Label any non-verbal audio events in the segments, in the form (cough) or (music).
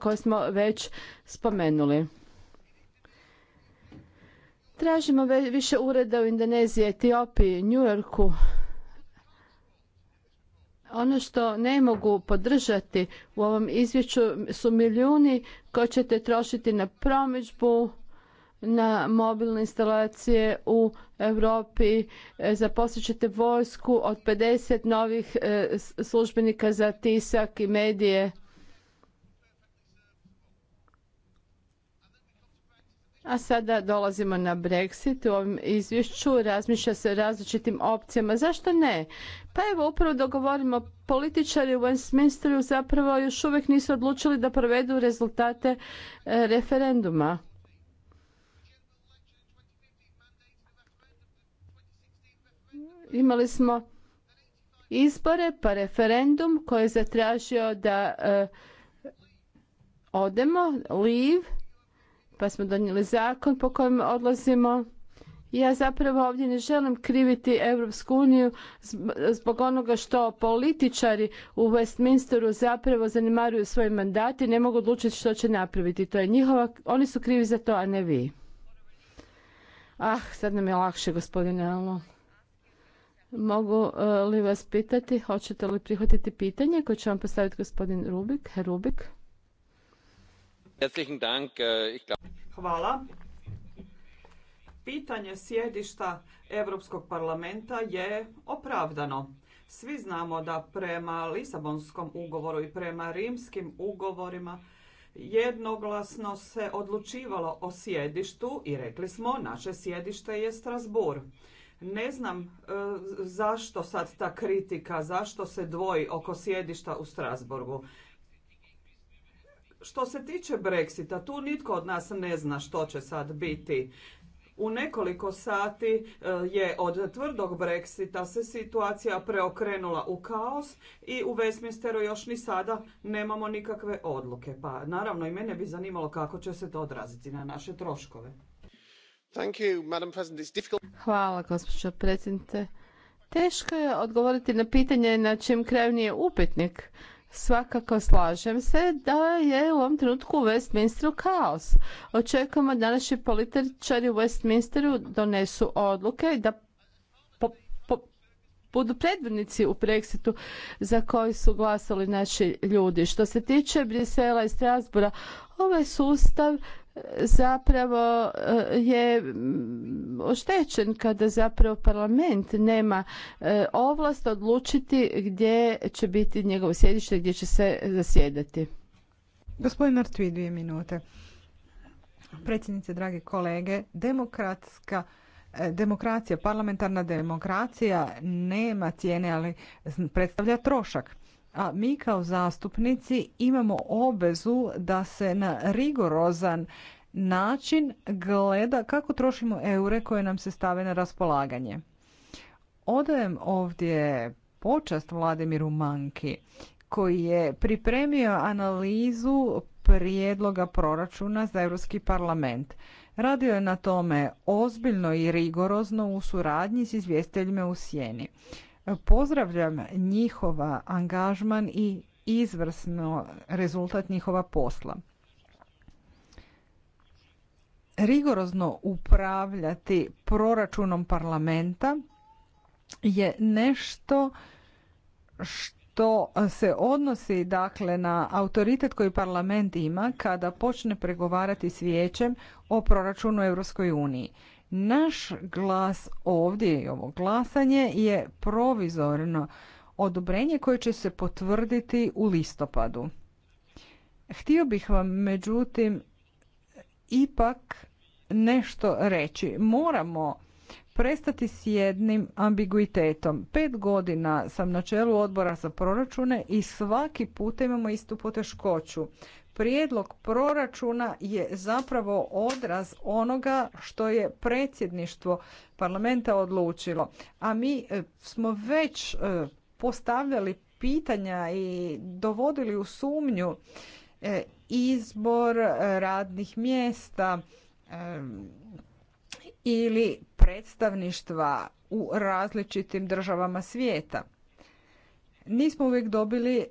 koje smo već spomenuli. Tražimo više ureda u Indoneziji, Etiopiji, New Yorku. Ono što ne mogu podržati u ovom izvješću su milijuni koje ćete trošiti na promidžbu, na mobilne instalacije u Europi. E, zaposlit ćete vojsku od 50 novih e, službenika za tisak i medije A sada dolazimo na Brexit. U ovom izvješću razmišlja se o različitim opcijama. Zašto ne? Pa evo, upravo dogovorimo, političari u Westminsteru zapravo još uvijek nisu odlučili da provedu rezultate e, referenduma. Imali smo izbore pa referendum koji je zatražio da e, odemo, leave, pa smo donijeli zakon po kojem odlazimo. Ja zapravo ovdje ne želim kriviti Europsku uniju zbog onoga što političari u Westminsteru zapravo zanemaruju svoje mandati i ne mogu odlučiti što će napraviti. To je njihova, oni su krivi za to, a ne vi. Ah, sad nam je lakše, gospodine Mogu eh, li vas pitati, hoćete li prihvatiti pitanje koje će vam postaviti gospodin Rubik? Rubik? Äh, Hvala. Pitanje sjedišta Europskog parlamenta je opravdano. Svi znamo da prema Lisabonskom ugovoru i prema rimskim ugovorima jednoglasno se odlučivalo o sjedištu i rekli smo naše sjedište je Strasbourg. Ne znam e, zašto sad ta kritika, zašto se dvoji oko sjedišta u Strasburgu. Što se tiče Brexita, tu nitko od nas ne zna što će sad biti. U nekoliko sati e, je od tvrdog Brexita se situacija preokrenula u kaos i u Westminsteru još ni sada nemamo nikakve odluke. Pa naravno i mene bi zanimalo kako će se to odraziti na naše troškove. Hvala gospođo predsjednice. Teško je odgovoriti na pitanje na čijem kraju nije upitnik Svakako slažem se da je u ovom trenutku u Westminsteru kaos. Očekujemo da naši političari u Westminsteru donesu odluke i da budu predvrnici u Brexitu za koji su glasali naši ljudi. Što se tiče Brisela i Strasbura, ovaj sustav zapravo eh, je mm, oštećen kada zapravo parlament nema eh, ovlast odlučiti gdje će biti njegovo sjedište, gdje će se zasjedati. Gospodin Artvi, dvije minute. Predsjednice, dragi kolege, demokratska eh, Demokracija, parlamentarna demokracija nema cijene, ali predstavlja trošak. A mi kao zastupnici imamo obvezu da se na rigorozan način gleda kako trošimo eure koje nam se stave na raspolaganje. Odajem ovdje počast Vladimiru Manki koji je pripremio analizu prijedloga proračuna za Europski parlament. Radio je na tome ozbiljno i rigorozno u suradnji s izvjestiteljima u sjeni. Pozdravljam njihova angažman i izvrsno rezultat njihova posla. Rigorozno upravljati proračunom parlamenta je nešto što se odnosi dakle na autoritet koji parlament ima kada počne pregovarati s vijećem o proračunu Europskoj uniji. Naš glas ovdje i ovo glasanje je provizorno odobrenje koje će se potvrditi u listopadu. Htio bih vam međutim ipak nešto reći. Moramo prestati s jednim ambiguitetom. Pet godina sam na čelu odbora za proračune i svaki put imamo istu poteškoću. Prijedlog proračuna je zapravo odraz onoga što je predsjedništvo parlamenta odlučilo. A mi e, smo već e, postavljali pitanja i dovodili u sumnju e, izbor radnih mjesta ili predstavništva u različitim državama svijeta. Nismo uvijek dobili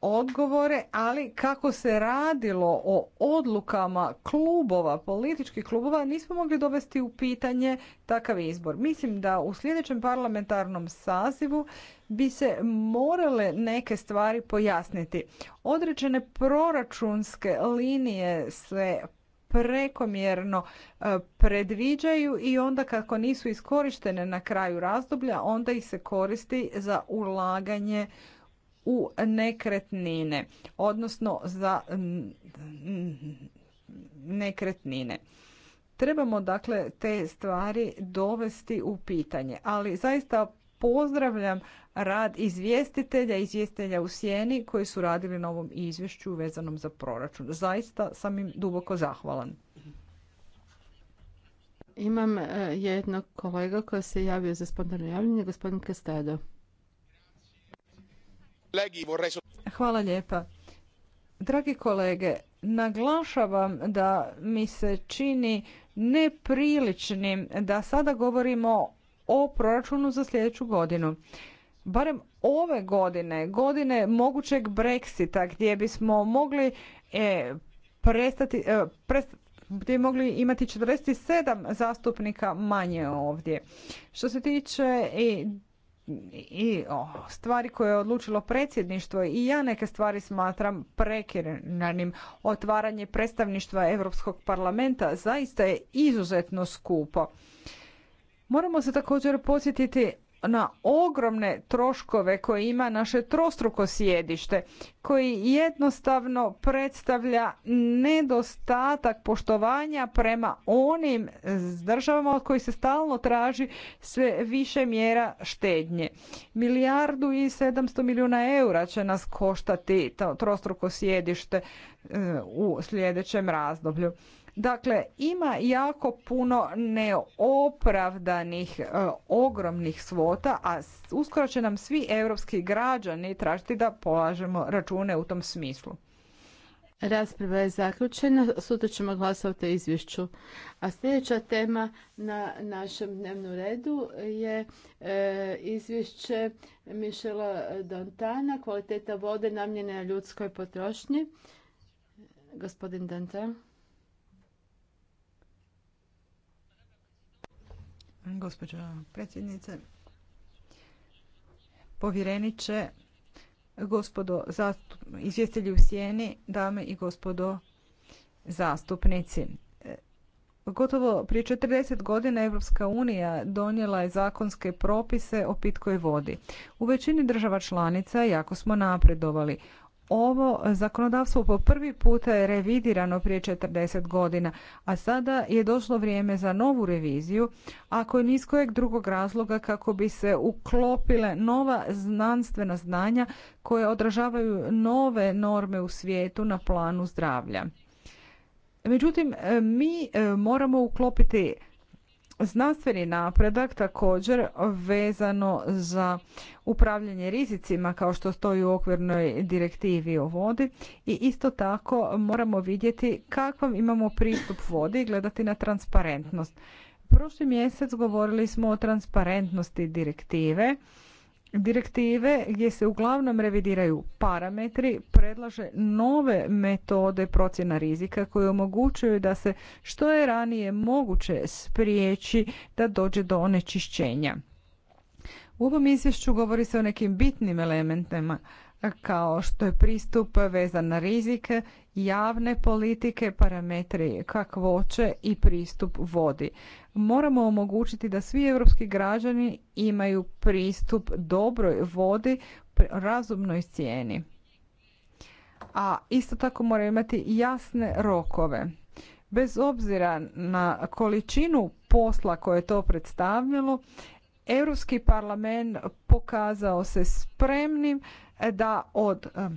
odgovore, ali kako se radilo o odlukama klubova, političkih klubova, nismo mogli dovesti u pitanje takav izbor. Mislim da u sljedećem parlamentarnom sazivu bi se morale neke stvari pojasniti. Određene proračunske linije se prekomjerno e, predviđaju i onda kako nisu iskorištene na kraju razdoblja, onda ih se koristi za ulaganje u nekretnine, odnosno za nekretnine. Trebamo dakle te stvari dovesti u pitanje, ali zaista pozdravljam rad izvjestitelja, izvjestitelja u sjeni koji su radili na ovom izvješću vezanom za proračun. Zaista sam im duboko zahvalan. Imam e, jednog kolega koji se javio za spontano javljanje, gospodin Kestedo. Hvala lijepa. Dragi kolege, naglašavam da mi se čini nepriličnim da sada govorimo o proračunu za sljedeću godinu. Barem ove godine, godine mogućeg Brexita gdje bismo mogli e, prestati, e, gdje mogli imati 47 zastupnika manje ovdje. Što se tiče i i stvari koje je odlučilo predsjedništvo i ja neke stvari smatram prekiranim. Otvaranje predstavništva Europskog parlamenta zaista je izuzetno skupo. Moramo se također podsjetiti na ogromne troškove koje ima naše trostruko sjedište, koji jednostavno predstavlja nedostatak poštovanja prema onim državama od kojih se stalno traži sve više mjera štednje. Milijardu i 700 milijuna eura će nas koštati trostruko sjedište e, u sljedećem razdoblju. Dakle, ima jako puno neopravdanih e, ogromnih svota, a uskoro će nam svi europski građani tražiti da polažemo račune u tom smislu. Rasprava je zaključena, sutra ćemo glasovati o izvješću. A sljedeća tema na našem dnevnom redu je e, izvješće Mišela Dantana, kvaliteta vode namjene ljudskoj potrošnji. Gospodin Dantan. gospođo predsjednice, povjereniče, gospodo izvjestitelji u sjeni, dame i gospodo zastupnici. Gotovo prije 40 godina Europska unija donijela je zakonske propise o pitkoj vodi. U većini država članica jako smo napredovali ovo zakonodavstvo po prvi puta je revidirano prije 40 godina, a sada je došlo vrijeme za novu reviziju, ako je ni kojeg drugog razloga kako bi se uklopile nova znanstvena znanja koje odražavaju nove norme u svijetu na planu zdravlja. Međutim, mi e, moramo uklopiti Znanstveni napredak također vezano za upravljanje rizicima kao što stoji u okvirnoj direktivi o vodi i isto tako moramo vidjeti kakav imamo pristup vodi i gledati na transparentnost. Prošli mjesec govorili smo o transparentnosti direktive direktive gdje se uglavnom revidiraju parametri, predlaže nove metode procjena rizika koje omogućuju da se što je ranije moguće spriječi da dođe do onečišćenja. U ovom izvješću govori se o nekim bitnim elementima kao što je pristup vezan na rizike javne politike, parametri kakvoće i pristup vodi. Moramo omogućiti da svi europski građani imaju pristup dobroj vodi razumnoj cijeni. A isto tako moraju imati jasne rokove. Bez obzira na količinu posla koje je to predstavljalo, Europski parlament pokazao se spremnim da od eh,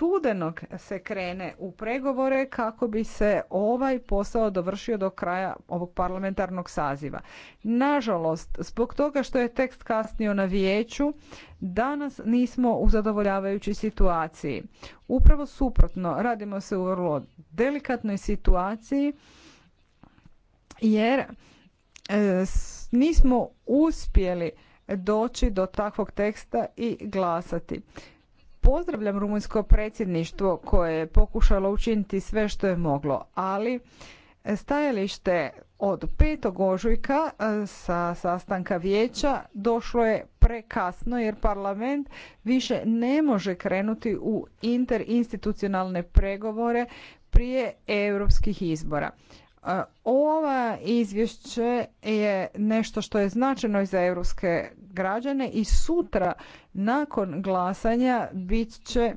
studenog se krene u pregovore kako bi se ovaj posao dovršio do kraja ovog parlamentarnog saziva. Nažalost, zbog toga što je tekst kasnio na vijeću, danas nismo u zadovoljavajućoj situaciji. Upravo suprotno, radimo se u vrlo delikatnoj situaciji jer e, nismo uspjeli doći do takvog teksta i glasati. Pozdravljam rumunjsko predsjedništvo koje je pokušalo učiniti sve što je moglo, ali stajalište od 5. ožujka e, sa sastanka vijeća došlo je prekasno jer parlament više ne može krenuti u interinstitucionalne pregovore prije europskih izbora. Ova izvješće je nešto što je značajno i za europske građane i sutra nakon glasanja bit će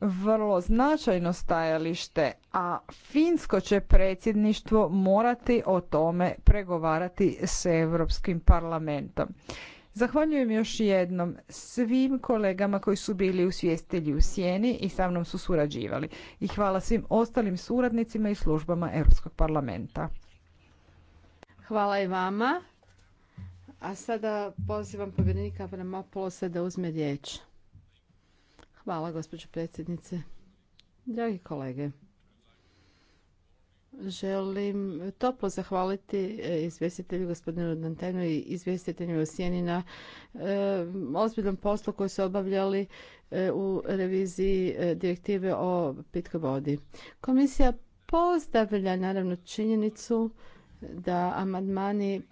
vrlo značajno stajalište, a finsko će predsjedništvo morati o tome pregovarati s Europskim parlamentom. Zahvaljujem još jednom svim kolegama koji su bili u svijestelji u sjeni i sa mnom su surađivali. I hvala svim ostalim suradnicima i službama Europskog parlamenta. Hvala i vama. A sada pozivam povjerenika Avramopoulosa da uzme riječ. Hvala, gospođo predsjednice. Dragi kolege, Želim toplo zahvaliti e, izvjestitelju gospodinu Dantenu i izvjestitelju Osijeni na e, ozbiljnom poslu koji su obavljali e, u reviziji direktive o pitkoj vodi. Komisija pozdravlja naravno činjenicu da amandmani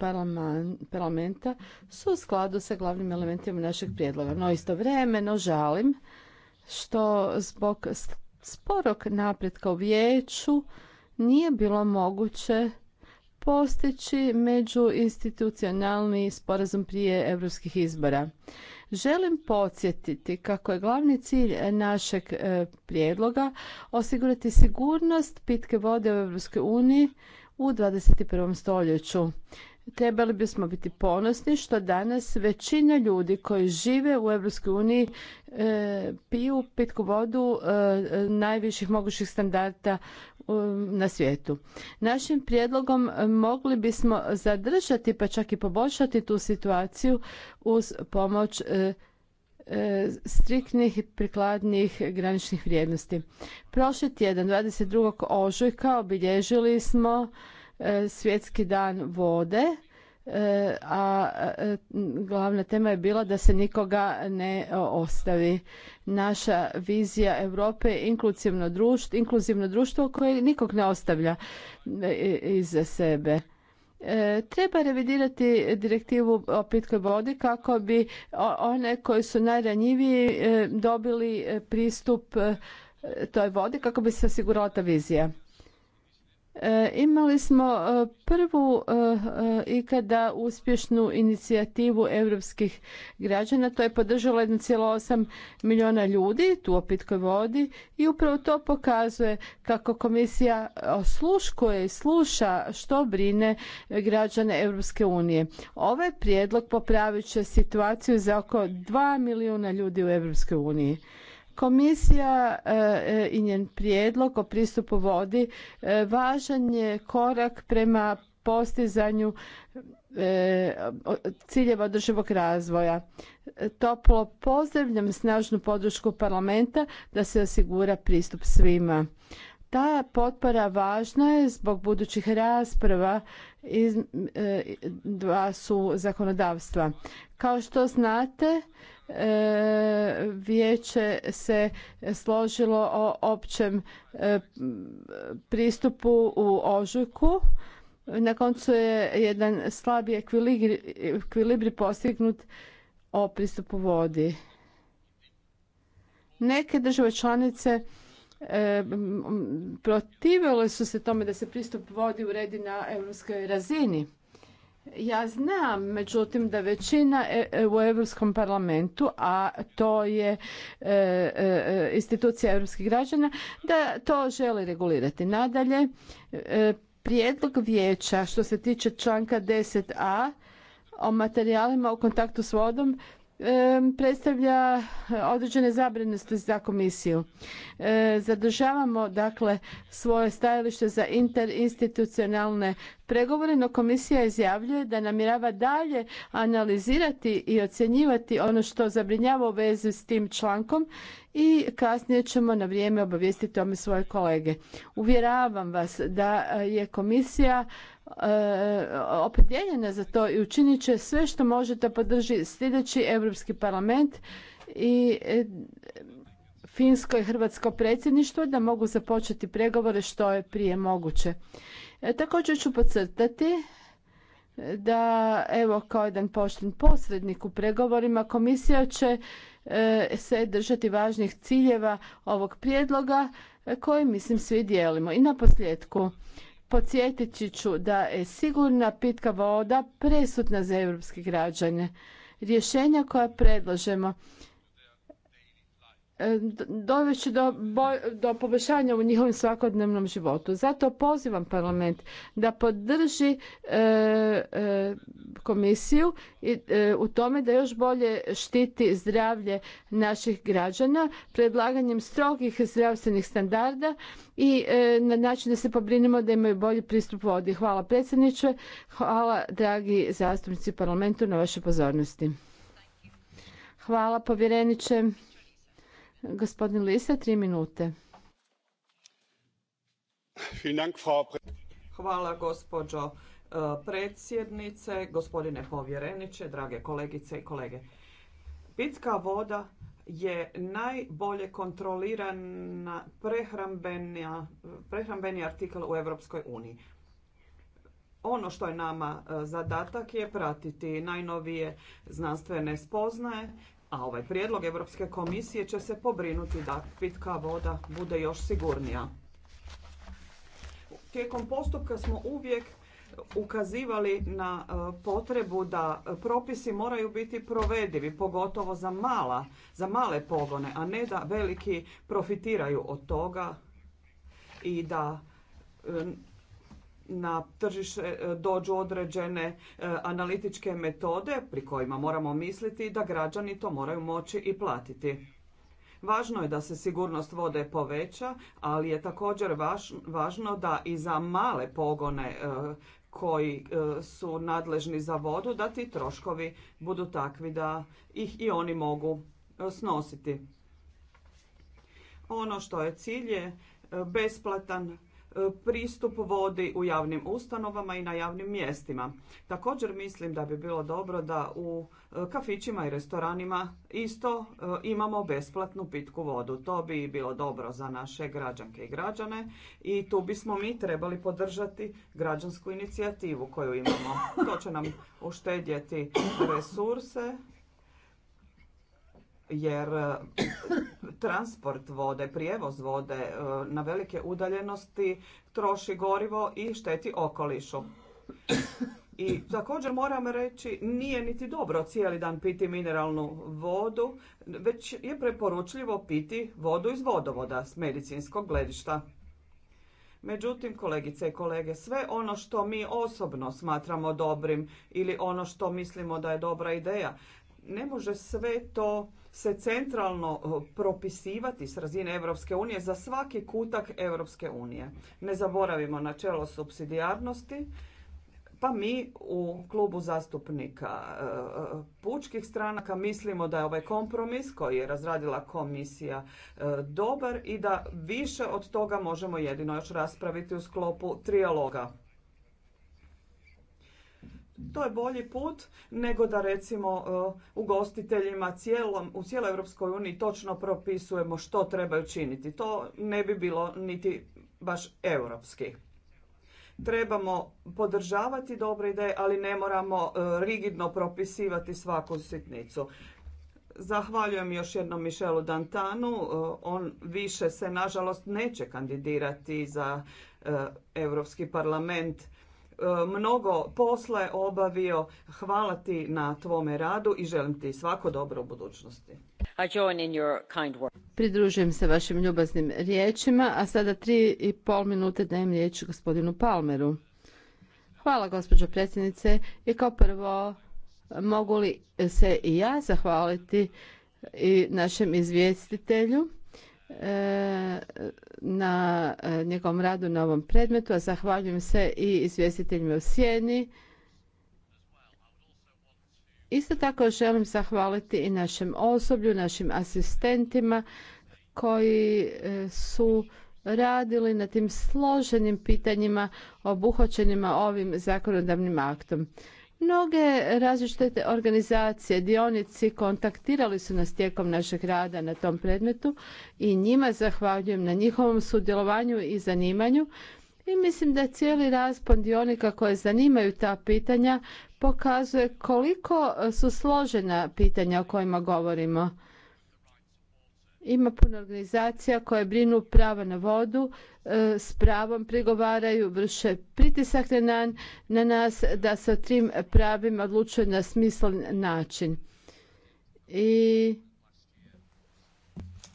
parlamenta su u skladu sa glavnim elementima našeg prijedloga. No istovremeno žalim što zbog sporog napretka u vijeću nije bilo moguće postići međuinstitucionalni sporazum prije europskih izbora. Želim podsjetiti kako je glavni cilj našeg e, prijedloga osigurati sigurnost pitke vode u EU u 21. stoljeću trebali bismo biti ponosni što danas većina ljudi koji žive u EU e, piju pitku vodu e, najviših mogućih standarda na svijetu. Našim prijedlogom mogli bismo zadržati pa čak i poboljšati tu situaciju uz pomoć e, striktnih i prikladnih graničnih vrijednosti. Prošli tjedan, 22. ožujka, obilježili smo E, svjetski dan vode e, a e, glavna tema je bila da se nikoga ne ostavi. Naša vizija Europe je inkluzivno društvo, inkluzivno društvo koje nikog ne ostavlja iza sebe. Treba revidirati direktivu o pitkoj vodi kako bi one koji su najranjiviji dobili pristup toj vodi kako bi se osigurala ta vizija. E, imali smo e, prvu e, ikada uspješnu inicijativu europskih građana, to je podržalo 1,8 milijuna ljudi tu o pitkoj vodi i upravo to pokazuje kako komisija osluškuje i sluša što brine građane Europske unije. Ovaj prijedlog popravit će situaciju za oko 2 milijuna ljudi u Europskoj uniji. Komisija e, e, i njen prijedlog o pristupu vodi e, važan je korak prema postizanju ciljeva održivog razvoja. Toplo pozdravljam snažnu podršku parlamenta da se osigura pristup svima. Ta potpora važna je zbog budućih rasprava iz dva su zakonodavstva. Kao što znate, E, vijeće se složilo o općem e, pristupu u ožujku. Na koncu je jedan slabi ekvilibri postignut o pristupu vodi. Neke države članice e, protivile su se tome da se pristup vodi uredi na europskoj razini. Ja znam, međutim, da većina e, e, u Europskom parlamentu, a to je e, institucija europskih građana, da to želi regulirati. Nadalje, prijedlog vijeća što se tiče članka 10a o materijalima u kontaktu s vodom predstavlja određene zabrinutosti za komisiju. Zadržavamo dakle svoje stajalište za interinstitucionalne pregovore, komisija izjavljuje da namjerava dalje analizirati i ocjenjivati ono što zabrinjava u vezi s tim člankom i kasnije ćemo na vrijeme obavijestiti tome svoje kolege. Uvjeravam vas da je komisija eh, opredijeljena za to i učinit će sve što može da podrži sljedeći Europski parlament i eh, Finsko i Hrvatsko predsjedništvo da mogu započeti pregovore što je prije moguće. E, također ću podcrtati e, da evo kao jedan pošten posrednik u pregovorima komisija će e, se držati važnih ciljeva ovog prijedloga koji mislim svi dijelimo. I na posljedku podsjetit ću da je sigurna pitka voda presutna za europske građane. Rješenja koja predlažemo E, Doveći do, do poboljšanja u njihovom svakodnevnom životu. Zato pozivam parlament da podrži e, e, komisiju i, u tome da još bolje štiti zdravlje naših građana predlaganjem strogih zdravstvenih standarda i na način da se pobrinimo da imaju bolji pristup vodi. Hvala predsjedniče, hvala dragi zastupnici parlamentu na vašoj pozornosti. Hvala povjereniče. Gospodin Lisa, tri minute. Hvala gospođo e, predsjednice, gospodine povjereniče, drage kolegice i kolege. Pitka voda je najbolje kontrolirana prehrambeni artikl u Europskoj uniji. Ono što je nama e, zadatak je pratiti najnovije znanstvene spoznaje a ovaj prijedlog Europske komisije će se pobrinuti da pitka voda bude još sigurnija. Tijekom postupka smo uvijek ukazivali na e, potrebu da propisi moraju biti provedivi, pogotovo za mala, za male pogone, a ne da veliki profitiraju od toga i da e, na tržište e, dođu određene e, analitičke metode pri kojima moramo misliti da građani to moraju moći i platiti. Važno je da se sigurnost vode poveća, ali je također važno da i za male pogone e, koji su nadležni za vodu, da ti troškovi budu takvi da ih i oni mogu snositi. Ono što je cilj je besplatan E, pristup vodi u javnim ustanovama i na javnim mjestima. Također mislim da bi bilo dobro da u e, kafićima i restoranima isto e, imamo besplatnu pitku vodu. To bi bilo dobro za naše građanke i građane i tu bismo mi trebali podržati građansku inicijativu koju imamo. To će nam uštedjeti resurse jer e, (coughs) transport vode, prijevoz vode e, na velike udaljenosti troši gorivo i šteti okolišu. I također moram reći, nije niti dobro cijeli dan piti mineralnu vodu, već je preporučljivo piti vodu iz vodovoda s medicinskog gledišta. Međutim, kolegice i kolege, sve ono što mi osobno smatramo dobrim ili ono što mislimo da je dobra ideja, ne može sve to se centralno propisivati s razine Europske unije za svaki kutak Europske unije. Ne zaboravimo načelo subsidijarnosti, pa mi u klubu zastupnika e, pučkih stranaka mislimo da je ovaj kompromis koji je razradila komisija e, dobar i da više od toga možemo jedino još raspraviti u sklopu trijaloga to je bolji put nego da recimo e, ugostiteljima cijelom, u cijeloj Europskoj uniji točno propisujemo što trebaju činiti. To ne bi bilo niti baš europski. Trebamo podržavati dobre ideje, ali ne moramo e, rigidno propisivati svaku sitnicu. Zahvaljujem još jednom Mišelu Dantanu. E, on više se, nažalost, neće kandidirati za Europski parlament E, mnogo posla je obavio. Hvala ti na tvome radu i želim ti svako dobro u budućnosti. Pridružujem se vašim ljubaznim riječima, a sada tri i pol minute dajem riječ gospodinu Palmeru. Hvala gospođo predsjednice i kao prvo mogu li se i ja zahvaliti i našem izvjestitelju E, na e, njegovom radu na ovom predmetu, a zahvaljujem se i izvjestiteljima u Sjeni. Isto tako želim zahvaliti i našem osoblju, našim asistentima koji e, su radili na tim složenim pitanjima obuhvaćenima ovim zakonodavnim aktom. Mnoge različite organizacije, dionici kontaktirali su nas tijekom našeg rada na tom predmetu i njima zahvaljujem na njihovom sudjelovanju i zanimanju i mislim da cijeli raspon dionika koje zanimaju ta pitanja pokazuje koliko su složena pitanja o kojima govorimo. Ima puno organizacija koje brinu prava na vodu, e, s pravom prigovaraju, vrše pritisak na nas da se o tim pravima odlučuje na smislen način. I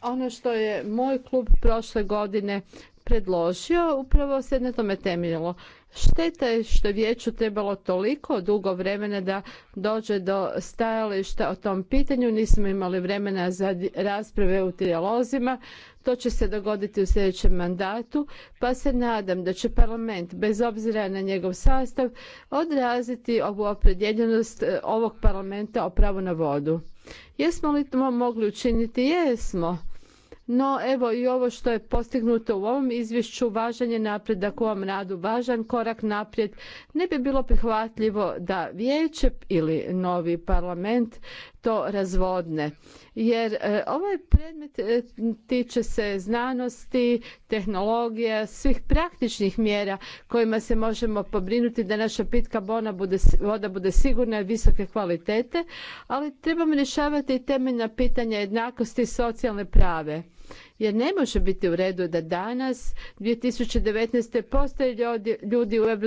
ono što je moj klub prošle godine predložio, upravo se na tome temeljilo. Šteta je što vijeću trebalo toliko dugo vremena da dođe do stajališta o tom pitanju. Nismo imali vremena za rasprave u trijalozima. To će se dogoditi u sljedećem mandatu, pa se nadam da će parlament, bez obzira na njegov sastav, odraziti ovu opredjeljenost e, ovog parlamenta o pravu na vodu. Jesmo li to mogli učiniti? Jesmo no evo i ovo što je postignuto u ovom izvješću, važan je napredak u ovom radu, važan korak naprijed. Ne bi bilo prihvatljivo da vijeće ili novi parlament to razvodne. Jer e, ovaj predmet e, tiče se znanosti, tehnologija, svih praktičnih mjera kojima se možemo pobrinuti da naša pitka bona bude, voda bude sigurna i visoke kvalitete, ali trebamo rješavati i temeljna pitanja jednakosti i socijalne prave. Jer ne može biti u redu da danas, 2019. postoje ljudi u EU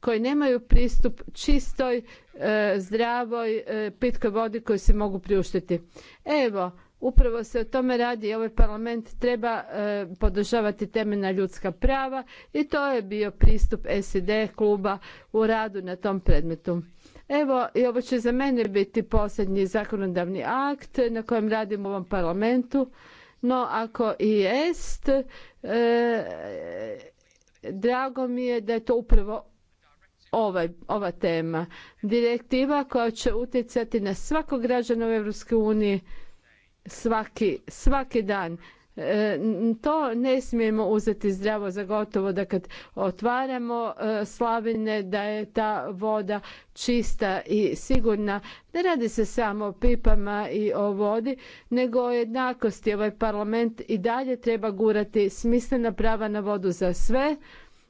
koji nemaju pristup čistoj E, zdravoj e, pitkoj vodi koju se mogu priuštiti. Evo, upravo se o tome radi i ovaj parlament treba e, podržavati temeljna ljudska prava i to je bio pristup SED kluba u radu na tom predmetu. Evo, i ovo će za mene biti posljednji zakonodavni akt na kojem radim u ovom parlamentu. No, ako i jest, drago mi je da je to upravo ovaj, ova tema. Direktiva koja će utjecati na svakog građana u EU svaki, svaki dan. E, to ne smijemo uzeti zdravo za gotovo da kad otvaramo e, slavine da je ta voda čista i sigurna. Ne radi se samo o pipama i o vodi, nego o jednakosti. Ovaj parlament i dalje treba gurati smislena prava na vodu za sve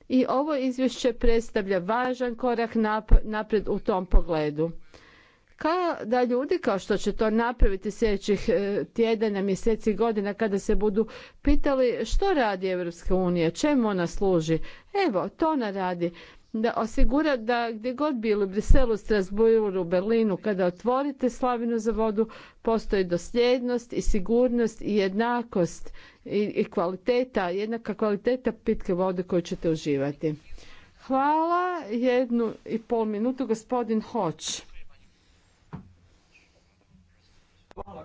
i ovo izvješće predstavlja važan korak naprijed u tom pogledu. Kao da ljudi kao što će to napraviti sljedećih e, tjedana, mjeseci, godina kada se budu pitali što radi Europska unija, čemu ona služi. Evo, to ona radi da osigura da gdje god bili u Briselu, Strasbourgu, Berlinu, kada otvorite slavinu za vodu, postoji dosljednost i sigurnost i jednakost i kvaliteta, jednaka kvaliteta pitke vode koju ćete uživati. Hvala. Jednu i pol minutu gospodin Hoć. Hvala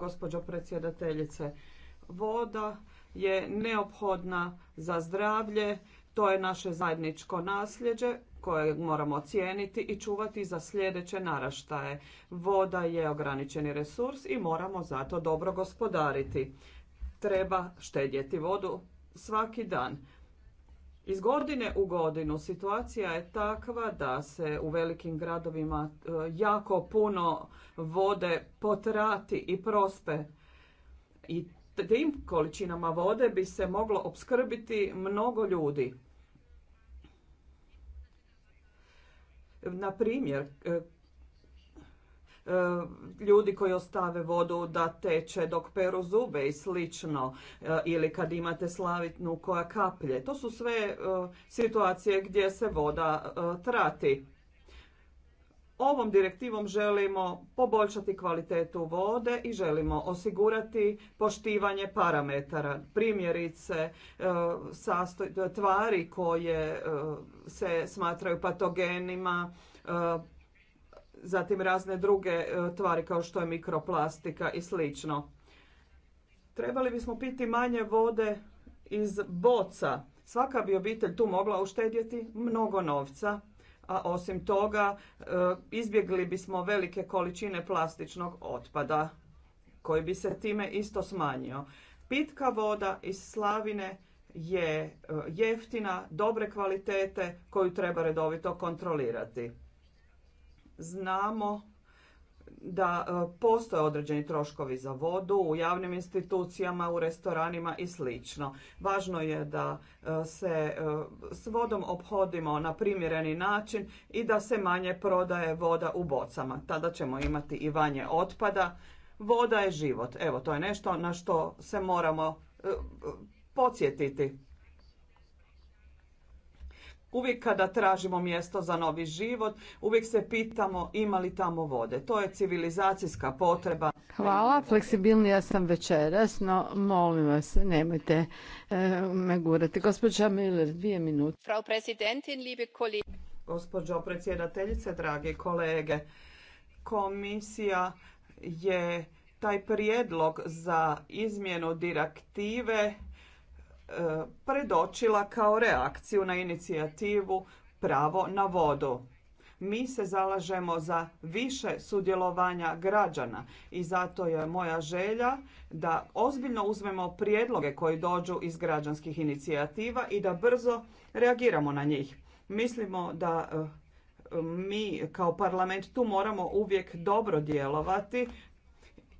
gospođo predsjedateljice. Voda je neophodna za zdravlje, to je naše zajedničko nasljeđe koje moramo cijeniti i čuvati za sljedeće naraštaje. Voda je ograničeni resurs i moramo zato dobro gospodariti. Treba štedjeti vodu svaki dan. Iz godine u godinu situacija je takva da se u velikim gradovima e, jako puno vode potrati i prospe. I tim količinama vode bi se moglo opskrbiti mnogo ljudi. Na primjer, e, e, ljudi koji ostave vodu da teče dok peru zube i slično e, ili kad imate slavitnu koja kaplje. To su sve situacije gdje se voda trati. Ovom direktivom želimo poboljšati kvalitetu vode i želimo osigurati poštivanje parametara. Primjerice e, tvari koje e, se smatraju patogenima, e, zatim razne druge tvari kao što je mikroplastika i slično. Trebali bismo piti manje vode iz boca. Svaka bi obitelj tu mogla uštedjeti mnogo novca a osim toga e, izbjegli bismo velike količine plastičnog otpada koji bi se time isto smanjio. Pitka voda iz slavine je e, jeftina, dobre kvalitete koju treba redovito kontrolirati. Znamo da e, postoje određeni troškovi za vodu u javnim institucijama, u restoranima i slično. Važno je da e, se e, s vodom obhodimo na primjereni način i da se manje prodaje voda u bocama. Tada ćemo imati i vanje otpada. Voda je život. Evo, to je nešto na što se moramo podsjetiti Uvijek kada tražimo mjesto za novi život, uvijek se pitamo ima li tamo vode. To je civilizacijska potreba. Hvala, fleksibilnija sam večeras, no molim vas, nemojte e, me gurati. Gospođa Miller, dvije minute. Frau Präsidentin, liebe Gospođo predsjedateljice, drage kolege, komisija je taj prijedlog za izmjenu direktive E, predočila kao reakciju na inicijativu Pravo na vodu. Mi se zalažemo za više sudjelovanja građana i zato je moja želja da ozbiljno uzmemo prijedloge koji dođu iz građanskih inicijativa i da brzo reagiramo na njih. Mislimo da e, mi kao parlament tu moramo uvijek dobro djelovati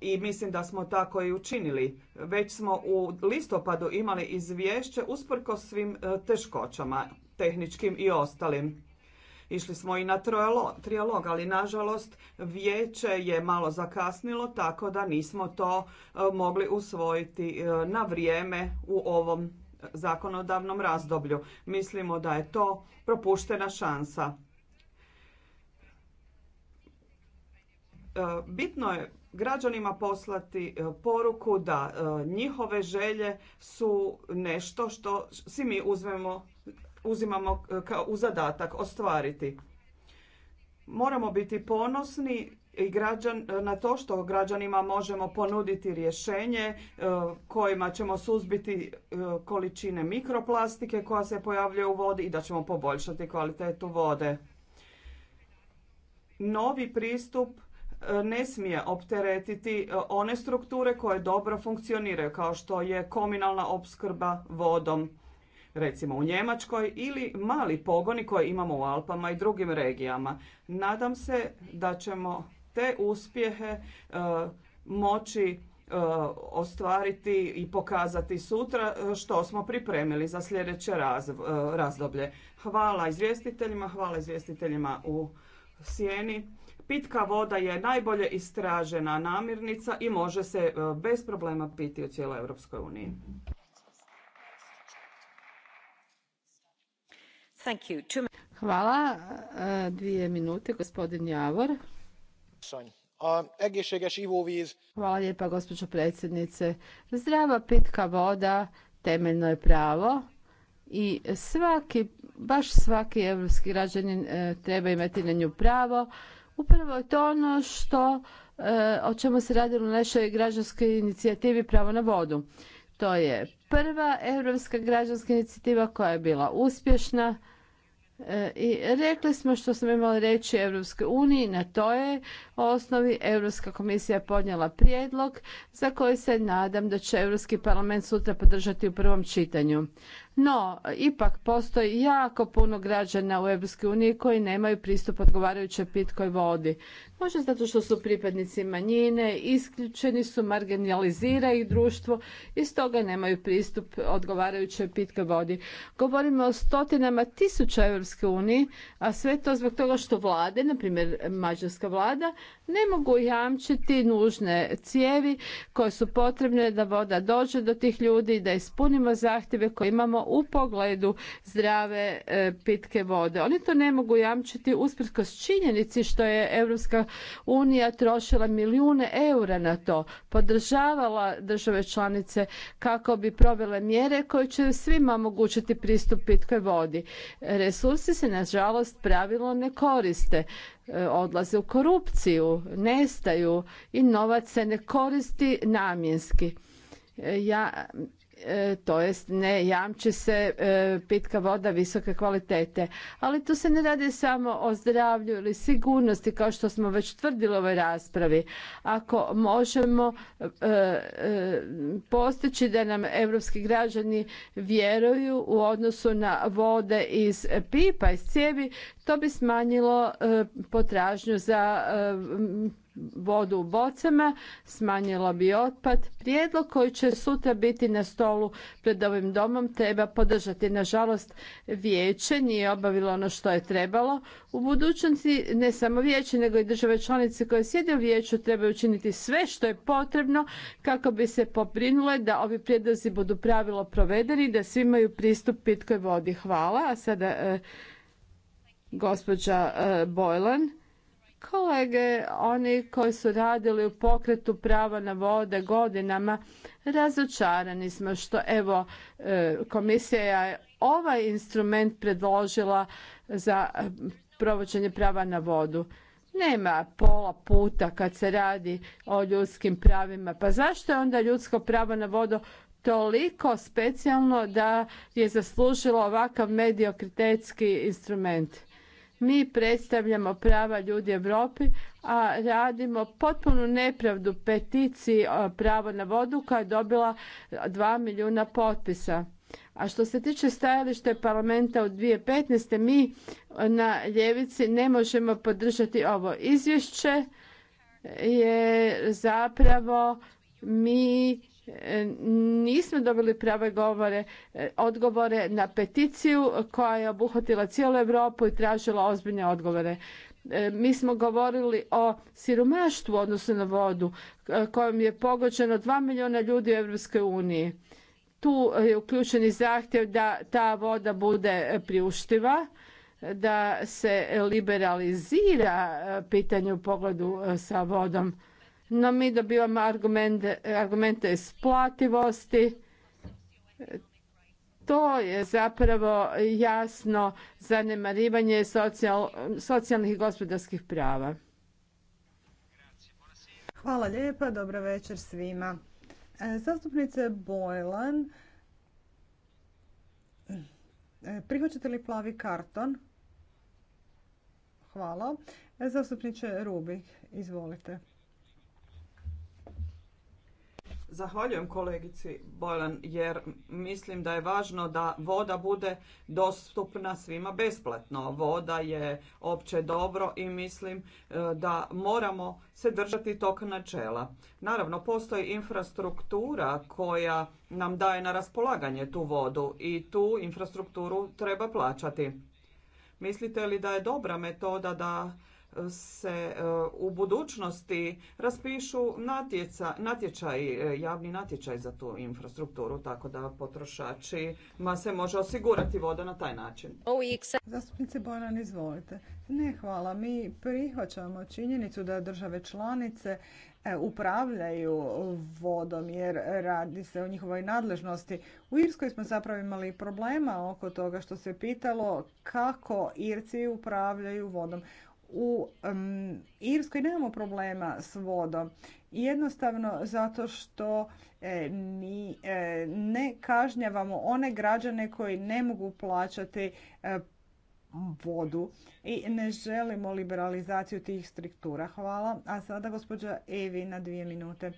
i mislim da smo tako i učinili. Već smo u listopadu imali izvješće usprko svim e, teškoćama, tehničkim i ostalim. Išli smo i na trijalog, ali nažalost vijeće je malo zakasnilo tako da nismo to e, mogli usvojiti e, na vrijeme u ovom zakonodavnom razdoblju. Mislimo da je to propuštena šansa. Bitno je građanima poslati e, poruku da e, njihove želje su nešto što svi mi uzmemo, uzimamo e, kao u zadatak ostvariti. Moramo biti ponosni i građan, na to što građanima možemo ponuditi rješenje kojima ćemo suzbiti količine mikroplastike koja se pojavljuje u vodi i da ćemo poboljšati kvalitetu vode. Novi pristup E, ne smije opteretiti e, one strukture koje dobro funkcioniraju, kao što je komunalna opskrba vodom, recimo u Njemačkoj, ili mali pogoni koje imamo u Alpama i drugim regijama. Nadam se da ćemo te uspjehe e, moći ostvariti i pokazati sutra što smo pripremili za sljedeće razdoblje. Hvala izvjestiteljima, hvala izvjestiteljima u Sjeni. Pitka voda je najbolje istražena namirnica i može se e, bez problema piti u cijeloj Europskoj uniji. Hvala. E, dvije minute, gospodin Javor. Hvala lijepa, gospođo predsjednice. Zdrava pitka voda temeljno je pravo i svaki, baš svaki evropski građanin e, treba imati na nju pravo upravo je to ono što e, o čemu se radilo u našoj građanskoj inicijativi Pravo na vodu. To je prva europska građanska inicijativa koja je bila uspješna e, i rekli smo što smo imali reći Europskoj uniji, na to je osnovi Europska komisija podnijela prijedlog za koji se nadam da će Europski parlament sutra podržati u prvom čitanju. No, ipak postoji jako puno građana u EU koji nemaju pristup odgovarajuće pitkoj vodi. Možda zato što su pripadnici manjine, isključeni su, marginalizira ih društvo i stoga nemaju pristup odgovarajućoj pitkoj vodi. Govorimo o stotinama tisuća EU, a sve to zbog toga što vlade, na primjer mađarska vlada, ne mogu jamčiti nužne cijevi koje su potrebne da voda dođe do tih ljudi, da ispunimo zahtjeve koje imamo u pogledu zdrave e, pitke vode. Oni to ne mogu jamčiti usprkos činjenici što je Europska unija trošila milijune eura na to, podržavala države članice kako bi provele mjere koje će svima omogućiti pristup pitkoj vodi. Resursi se nažalost pravilno ne koriste e, odlaze u korupciju, nestaju i novac se ne koristi namjenski. E, ja E, to jest ne jamči se e, pitka voda visoke kvalitete. Ali tu se ne radi samo o zdravlju ili sigurnosti kao što smo već tvrdili u ovoj raspravi. Ako možemo e, postići da nam europski građani vjeruju u odnosu na vode iz pipa, iz cijevi, to bi smanjilo e, potražnju za e, vodu u bocama, smanjilo bi otpad. Prijedlog koji će sutra biti na stolu pred ovim domom treba podržati. Nažalost, vijeće nije obavilo ono što je trebalo. U budućnosti ne samo vijeće, nego i države članice koje sjede u vijeću trebaju učiniti sve što je potrebno kako bi se poprinule da ovi prijedlozi budu pravilo provedeni, i da svi imaju pristup pitkoj vodi. Hvala. A sada e, gospođa e, Bojlan. Kolege, oni koji su radili u pokretu prava na vode godinama, razočarani smo što evo e, komisija je ovaj instrument predložila za e, provođenje prava na vodu. Nema pola puta kad se radi o ljudskim pravima. Pa zašto je onda ljudsko pravo na vodu toliko specijalno da je zaslužilo ovakav mediokritetski instrument? Mi predstavljamo prava ljudi Europi, a radimo potpunu nepravdu peticiji pravo na vodu koja je dobila 2 milijuna potpisa. A što se tiče stajalište parlamenta od 2015. mi na ljevici ne možemo podržati ovo izvješće jer zapravo mi E, nismo dobili prave govore, e, odgovore na peticiju koja je obuhvatila cijelu Europu i tražila ozbiljne odgovore. E, mi smo govorili o siromaštvu odnosno na vodu kojom je pogođeno dva milijuna ljudi u Europskoj Tu je uključen i zahtjev da ta voda bude priuštiva, da se liberalizira pitanje u pogledu sa vodom no mi dobivamo argumente, argumente isplativosti. To je zapravo jasno zanemarivanje socijalnih i gospodarskih prava. Hvala lijepa, dobro večer svima. E, zastupnice Bojlan, e, prihvaćate li plavi karton? Hvala. E, zastupniče Rubik, izvolite. Zahvaljujem kolegici Bojlan jer mislim da je važno da voda bude dostupna svima besplatno. Voda je opće dobro i mislim e, da moramo se držati tog načela. Naravno, postoji infrastruktura koja nam daje na raspolaganje tu vodu i tu infrastrukturu treba plaćati. Mislite li da je dobra metoda da se e, u budućnosti raspišu natjeca, natječaj, e, javni natječaj za tu infrastrukturu, tako da potrošači ma se može osigurati voda na taj način. Zastupnice Bojan, izvolite. Ne, hvala. Mi prihvaćamo činjenicu da države članice e, upravljaju vodom jer radi se o njihovoj nadležnosti. U Irskoj smo zapravo imali problema oko toga što se pitalo kako Irci upravljaju vodom. U um, Irskoj nemamo problema s vodom. Jednostavno zato što e, ni, e, ne kažnjavamo one građane koji ne mogu plaćati e, vodu i ne želimo liberalizaciju tih struktura. Hvala. A sada gospođa Evi na dvije minute.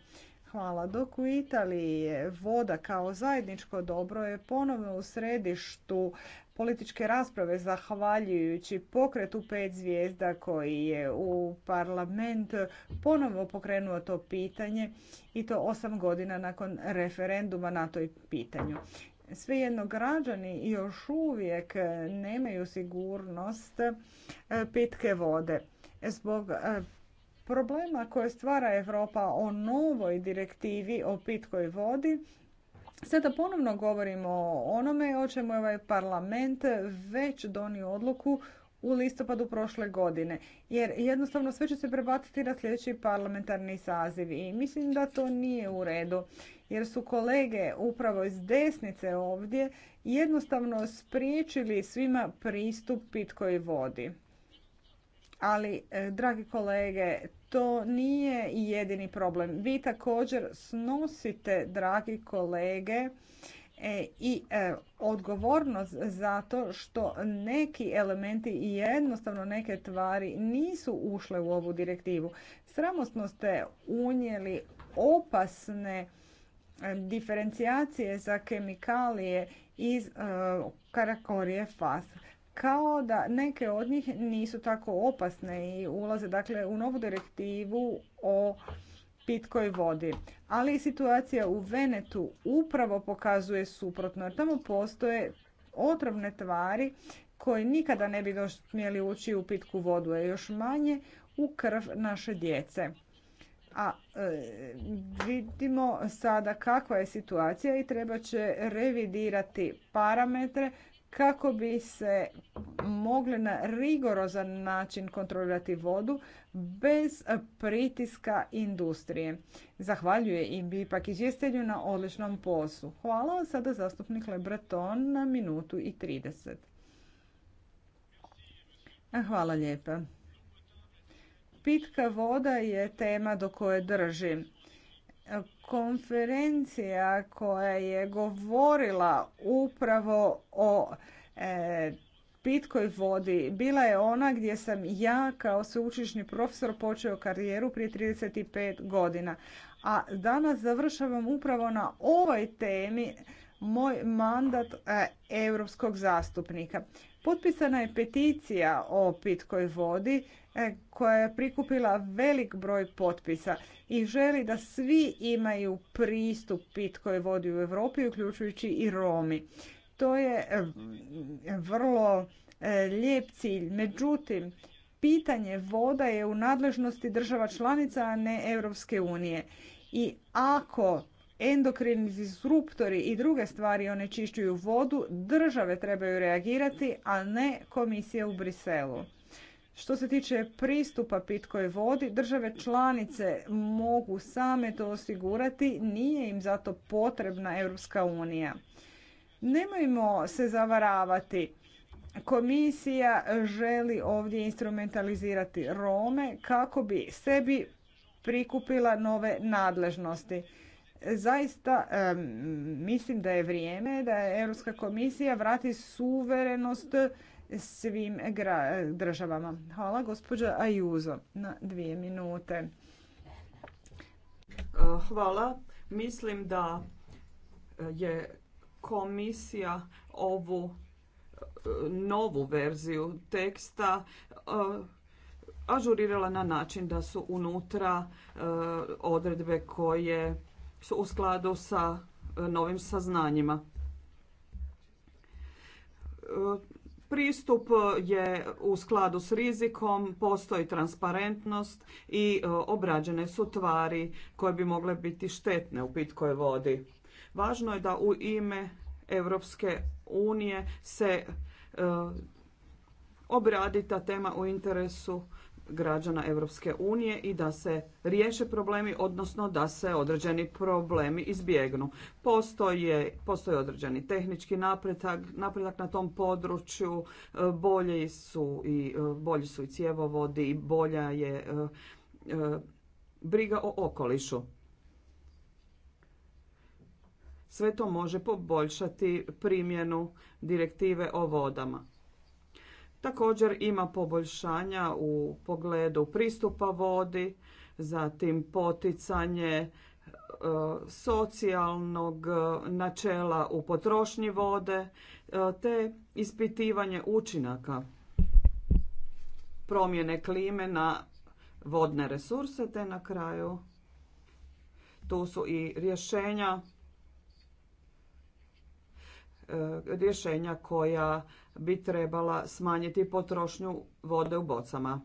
Hvala. Dok u Italiji je voda kao zajedničko dobro je ponovno u središtu političke rasprave zahvaljujući pokretu pet zvijezda koji je u parlament ponovo pokrenuo to pitanje i to osam godina nakon referenduma na toj pitanju. Svejedno građani još uvijek nemaju sigurnost e, pitke vode zbog e, problema koje stvara Europa o novoj direktivi o pitkoj vodi Sada ponovno govorimo o onome o čemu je ovaj parlament već donio odluku u listopadu prošle godine. Jer jednostavno sve će se prebaciti na sljedeći parlamentarni saziv i mislim da to nije u redu. Jer su kolege upravo iz desnice ovdje jednostavno spriječili svima pristup pitkoj vodi. Ali, e, dragi kolege, to nije jedini problem. Vi također snosite, dragi kolege, e, i e, odgovornost za to što neki elementi i jednostavno neke tvari nisu ušle u ovu direktivu. Sramosno ste unijeli opasne diferencijacije za kemikalije iz karakorije fas kao da neke od njih nisu tako opasne i ulaze dakle u novu direktivu o pitkoj vodi. Ali situacija u Venetu upravo pokazuje suprotno. Jer tamo postoje otrovne tvari koje nikada ne bi smjeli ući u pitku vodu, a još manje u krv naše djece. A e, vidimo sada kakva je situacija i treba će revidirati parametre kako bi se mogle na rigorozan način kontrolirati vodu bez pritiska industrije. Zahvaljuje bi ipak izvjestelju na odličnom poslu. Hvala vam sada zastupnik Breton, na minutu i 30. Hvala lijepa. Pitka voda je tema do koje držim konferencija koja je govorila upravo o e, pitkoj vodi bila je ona gdje sam ja kao sveučilišni profesor počeo karijeru prije 35 godina. A danas završavam upravo na ovoj temi moj mandat e, europskog zastupnika. Potpisana je peticija o pitkoj vodi E, koja je prikupila velik broj potpisa i želi da svi imaju pristup pitkoj vodi u Europi, uključujući i Romi. To je e, vrlo e, lijep cilj. Međutim, pitanje voda je u nadležnosti država članica, a ne Europske unije. I ako endokrini disruptori i druge stvari onečišćuju vodu, države trebaju reagirati, a ne komisija u Briselu. Što se tiče pristupa pitkoj vodi, države članice mogu same to osigurati, nije im zato potrebna Europska unija. Nemojmo se zavaravati. Komisija želi ovdje instrumentalizirati Rome kako bi sebi prikupila nove nadležnosti. Zaista mislim da je vrijeme da je Europska komisija vrati suverenost svim državama. Hvala gospođa Ajuzo na dvije minute. E, hvala. Mislim da je komisija ovu e, novu verziju teksta e, ažurirala na način da su unutra odredbe koje su u skladu sa novim saznanjima. Pristup je u skladu s rizikom, postoji transparentnost i e, obrađene su tvari koje bi mogle biti štetne u pitkoj vodi. Važno je da u ime Europske unije se e, obradi ta tema u interesu građana Europske unije i da se riješe problemi, odnosno da se određeni problemi izbjegnu. Postoje, postoje određeni tehnički napredak, napredak na tom području, e, bolji su i, e, bolji su i cjevovodi, bolja je e, briga o okolišu. Sve to može poboljšati primjenu direktive o vodama. Također ima poboljšanja u pogledu pristupa vodi, zatim poticanje e, socijalnog e, načela u potrošnji vode e, te ispitivanje učinaka promjene klime na vodne resurse te na kraju tu su i rješenja E, rješenja koja bi trebala smanjiti potrošnju vode u bocama.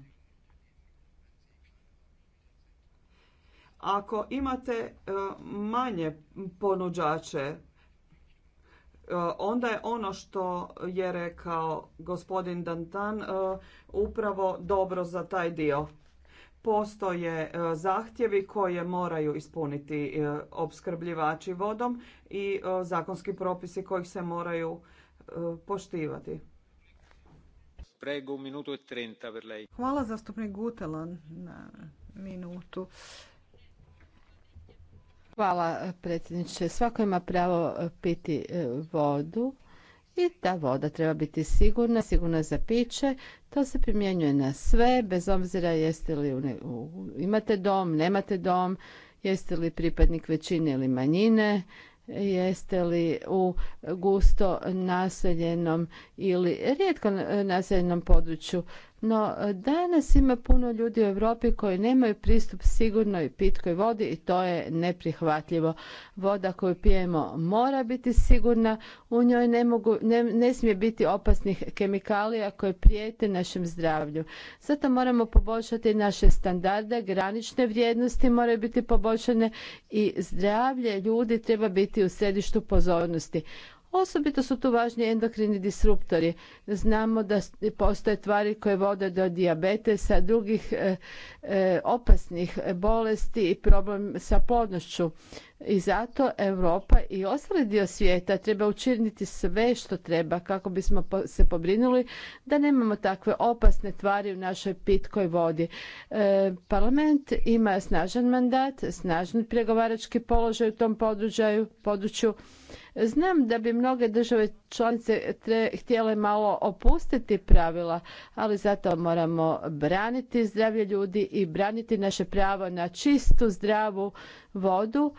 Ako imate e, manje ponuđače, e, onda je ono što je rekao gospodin Dantan upravo dobro za taj dio postoje e, zahtjevi koje moraju ispuniti e, opskrbljivači vodom i e, zakonski propisi kojih se moraju poštivati. Prego, minuto i 30 Hvala zastupnik gutela na minutu. Hvala predsjedniče. Svako ima pravo piti vodu i ta voda treba biti sigurna, sigurna za piće. To se primjenjuje na sve, bez obzira jeste li imate dom, nemate dom, jeste li pripadnik većine ili manjine, jeste li u gusto naseljenom ili rijetko naseljenom području no, e, danas ima puno ljudi u Europi koji nemaju pristup sigurnoj pitkoj vodi i to je neprihvatljivo. Voda koju pijemo mora biti sigurna, u njoj ne, mogu, ne, ne smije biti opasnih kemikalija koje prijete našem zdravlju. Zato moramo poboljšati naše standarde, granične vrijednosti moraju biti poboljšane i zdravlje ljudi treba biti u središtu pozornosti. Osobito su tu važni endokrini disruptori. Znamo da postoje tvari koje vode do dijabetesa, drugih e, e, opasnih bolesti i problem sa plodnošću. I zato Europa i ostali dio svijeta treba učiniti sve što treba kako bismo se pobrinuli da nemamo takve opasne tvari u našoj pitkoj vodi. E, parlament ima snažan mandat, snažan pregovarački položaj u tom području. području. Znam da bi mnoge države članice htjele malo opustiti pravila, ali zato moramo braniti zdravlje ljudi i braniti naše pravo na čistu, zdravu, vodu,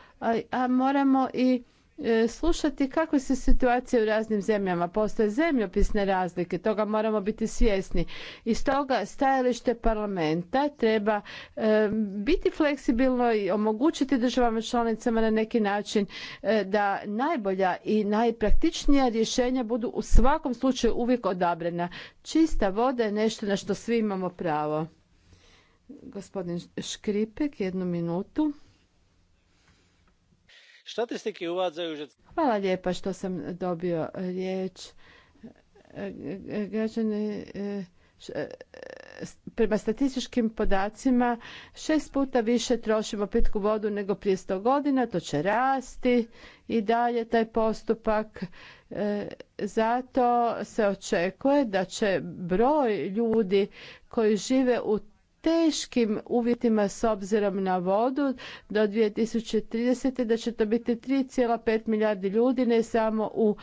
a, moramo i e, slušati kakve se situacije u raznim zemljama. Postoje zemljopisne razlike, toga moramo biti svjesni. I toga stajalište parlamenta treba e, biti fleksibilno i omogućiti državama članicama na neki način e, da najbolja i najpraktičnija rješenja budu u svakom slučaju uvijek odabrena. Čista voda je nešto na što svi imamo pravo. Gospodin Škripek, jednu minutu. Hvala lijepa što sam dobio riječ. Građani, e, e, prema statističkim podacima šest puta više trošimo pitku vodu nego prije sto godina, to će rasti i dalje taj postupak. E, zato se očekuje da će broj ljudi koji žive u teškim uvjetima s obzirom na vodu do 2030. da će to biti 3,5 milijardi ljudi ne samo u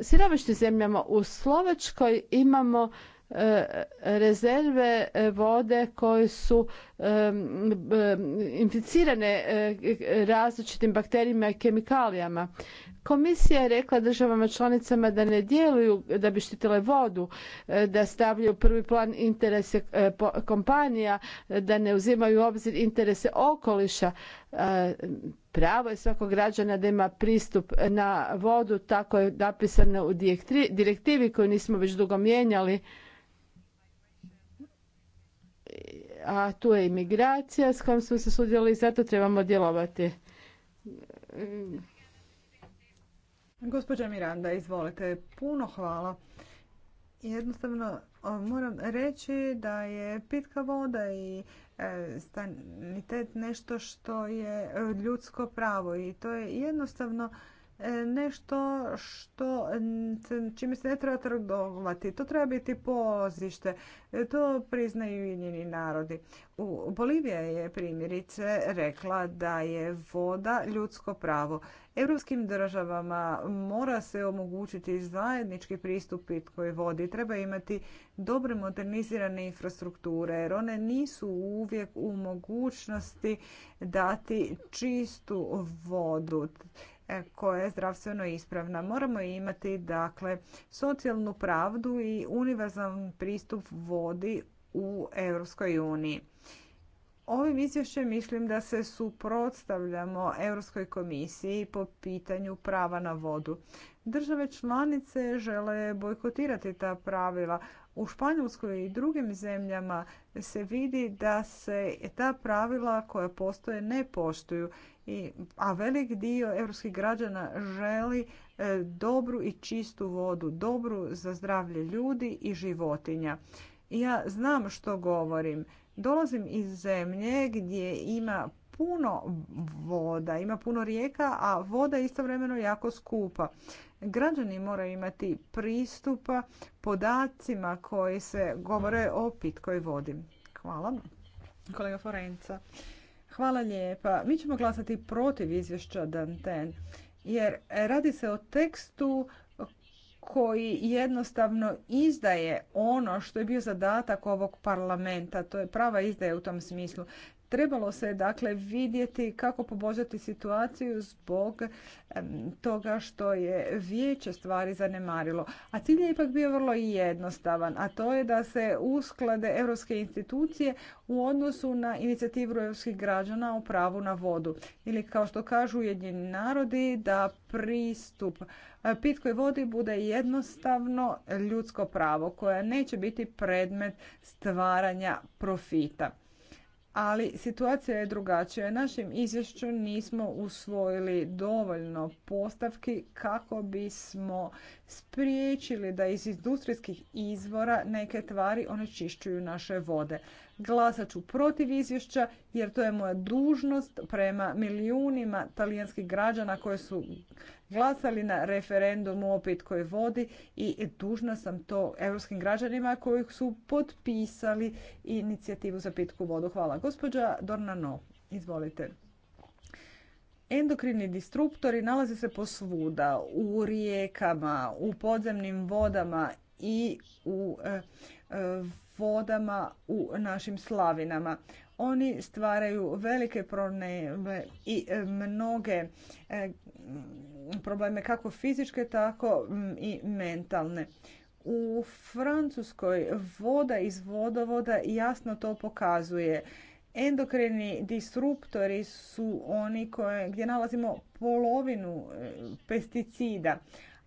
siromašnim zemljama. U Slovačkoj imamo E, rezerve e, vode koje su e, inficirane različitim bakterijima i kemikalijama. Komisija je rekla državama članicama da ne djeluju da bi štitile vodu, da stavljaju prvi plan interese kompanija, da ne uzimaju u obzir interese okoliša. Pravo je svakog građana da ima pristup na vodu, tako je napisano u direktivi koju nismo već dugo mijenjali a tu je imigracija s kojom smo se sudjeli i zato trebamo djelovati. Gospođa Miranda, izvolite. Puno hvala. Jednostavno moram reći da je pitka voda i e, stanitet nešto što je e, ljudsko pravo i to je jednostavno E, nešto što, čime se ne treba trgovati. To treba biti pozište. E, to priznaju njeni narodi. U Bolivija je primjerice rekla da je voda ljudsko pravo. Europskim državama mora se omogućiti zajednički pristup koji vodi. Treba imati dobre modernizirane infrastrukture jer one nisu uvijek u mogućnosti dati čistu vodu koja je zdravstveno ispravna. Moramo imati dakle socijalnu pravdu i univerzalan pristup vodi u Europskoj uniji. Ovim izvješćem mislim da se suprotstavljamo Europskoj komisiji po pitanju prava na vodu. Države članice žele bojkotirati ta pravila, u Španjolskoj i drugim zemljama se vidi da se ta pravila koja postoje ne poštuju, a velik dio europskih građana želi e, dobru i čistu vodu, dobru za zdravlje ljudi i životinja. Ja znam što govorim. Dolazim iz zemlje gdje ima puno voda, ima puno rijeka, a voda je istovremeno jako skupa. Građani moraju imati pristupa podacima koji se govore o pitkoj vodi. Hvala. Kolega Forenca. Hvala lijepa. Mi ćemo glasati protiv izvješća Danten jer radi se o tekstu koji jednostavno izdaje ono što je bio zadatak ovog parlamenta. To je prava izdaja u tom smislu. Trebalo se dakle vidjeti kako poboljšati situaciju zbog toga što je vijeće stvari zanemarilo. A cilj je ipak bio vrlo jednostavan, a to je da se usklade europske institucije u odnosu na inicijativu europskih građana o pravu na vodu. Ili kao što kažu Ujedinjeni narodi da pristup e, pitkoj vodi bude jednostavno ljudsko pravo koje neće biti predmet stvaranja profita ali situacija je drugačija. Našim izvješću nismo usvojili dovoljno postavki kako bismo spriječili da iz industrijskih izvora neke tvari onečišćuju naše vode. Glasat ću protiv izvješća jer to je moja dužnost prema milijunima talijanskih građana koji su glasali na referendumu o pitkoj vodi i dužna sam to europskim građanima koji su potpisali inicijativu za pitku vodu. Hvala. Gospođa Dornano, izvolite. Endokrini disruptori nalaze se posvuda, u rijekama, u podzemnim vodama i u e, e, vodama u našim slavinama. Oni stvaraju velike probleme i e, mnoge probleme kako fizičke, tako i mentalne. U Francuskoj voda iz vodovoda jasno to pokazuje. Endokrini disruptori su oni koje, gdje nalazimo polovinu e, pesticida.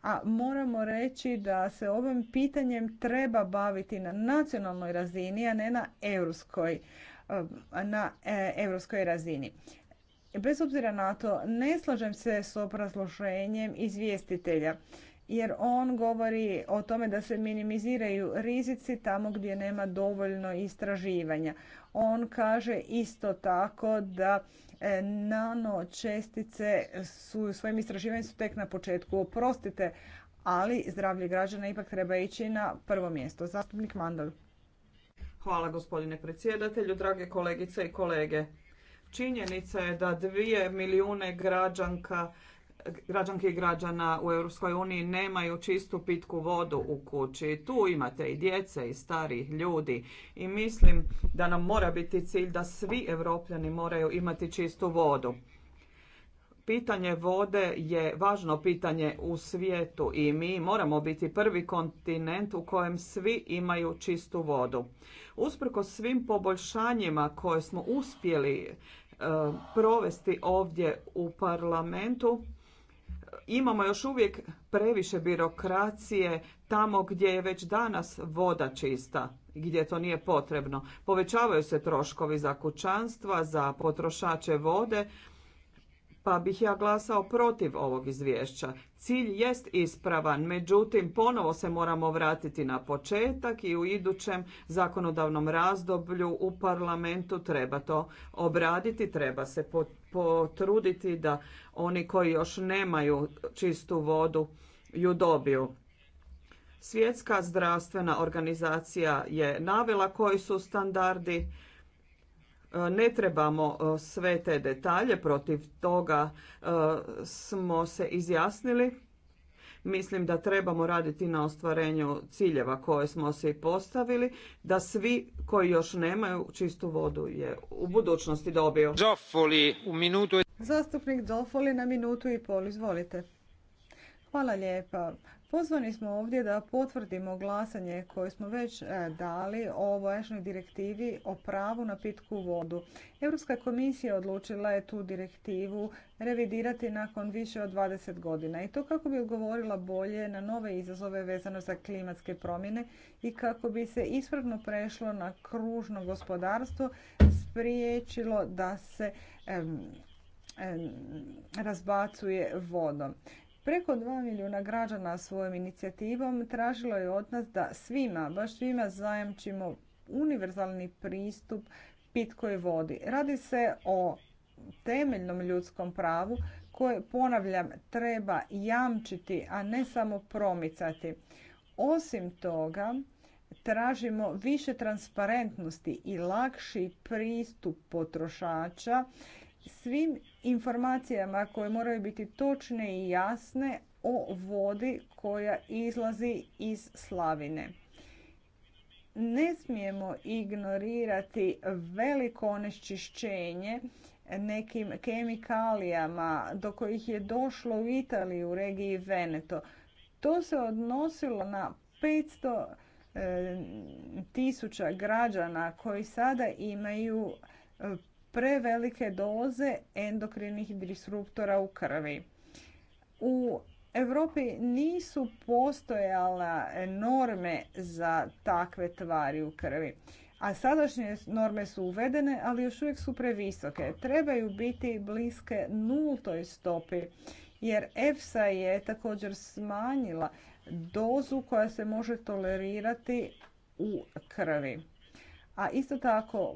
A moramo reći da se ovim pitanjem treba baviti na nacionalnoj razini, a ne na europskoj e, na e, europskoj razini. Bez obzira na to, ne slažem se s obrazloženjem izvjestitelja jer on govori o tome da se minimiziraju rizici tamo gdje nema dovoljno istraživanja. On kaže isto tako da e, nanočestice su u svojim istraživanjima su tek na početku. Oprostite, ali zdravlje građana ipak treba ići na prvo mjesto. Zastupnik Mandal. Hvala gospodine predsjedatelju, drage kolegice i kolege. Činjenica je da dvije milijune građanka Građanki i građana u Europskoj uniji nemaju čistu pitku vodu u kući. Tu imate i djece i starih ljudi i mislim da nam mora biti cilj da svi evropljani moraju imati čistu vodu. Pitanje vode je važno pitanje u svijetu i mi moramo biti prvi kontinent u kojem svi imaju čistu vodu. Usprko svim poboljšanjima koje smo uspjeli eh, provesti ovdje u parlamentu imamo još uvijek previše birokracije tamo gdje je već danas voda čista, gdje to nije potrebno. Povećavaju se troškovi za kućanstva, za potrošače vode, pa bih ja glasao protiv ovog izvješća. Cilj jest ispravan, međutim ponovo se moramo vratiti na početak i u idućem zakonodavnom razdoblju u parlamentu treba to obraditi, treba se potruditi da oni koji još nemaju čistu vodu ju dobiju. Svjetska zdravstvena organizacija je navela koji su standardi ne trebamo e, sve te detalje, protiv toga e, smo se izjasnili. Mislim da trebamo raditi na ostvarenju ciljeva koje smo se i postavili, da svi koji još nemaju čistu vodu je u budućnosti dobio. u Zastupnik Džofoli na minutu i pol, izvolite. Hvala lijepa. Pozvani smo ovdje da potvrdimo glasanje koje smo već e, dali o vojačnoj direktivi o pravu na pitku vodu. Europska komisija odlučila je tu direktivu revidirati nakon više od 20 godina i to kako bi odgovorila bolje na nove izazove vezano za klimatske promjene i kako bi se ispravno prešlo na kružno gospodarstvo, spriječilo da se razbacuje vodom. Preko dva milijuna građana svojom inicijativom tražilo je od nas da svima, baš svima zajamčimo univerzalni pristup pitkoj vodi. Radi se o temeljnom ljudskom pravu koje, ponavljam, treba jamčiti, a ne samo promicati. Osim toga, tražimo više transparentnosti i lakši pristup potrošača svim informacijama koje moraju biti točne i jasne o vodi koja izlazi iz slavine. Ne smijemo ignorirati veliko onečišćenje nekim kemikalijama do kojih je došlo u Italiji u regiji Veneto. To se odnosilo na 500 e, tisuća građana koji sada imaju e, prevelike doze endokrinih disruptora u krvi. U Europi nisu postojala norme za takve tvari u krvi. A sadašnje norme su uvedene, ali još uvijek su previsoke. Trebaju biti bliske nultoj stopi, jer EFSA je također smanjila dozu koja se može tolerirati u krvi. A isto tako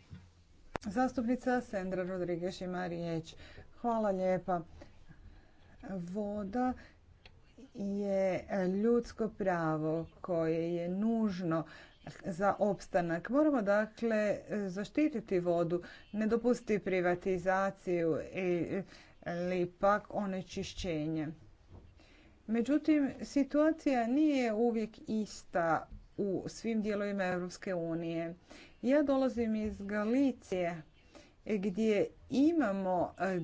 Zastupnica Sandra Rodriguez ima riječ. Hvala lijepa. Voda je ljudsko pravo koje je nužno za opstanak. Moramo dakle zaštititi vodu, ne dopustiti privatizaciju ili pak onečišćenje. Međutim, situacija nije uvijek ista u svim dijelovima Europske unije. Ja dolazim iz Galicije gdje imamo e,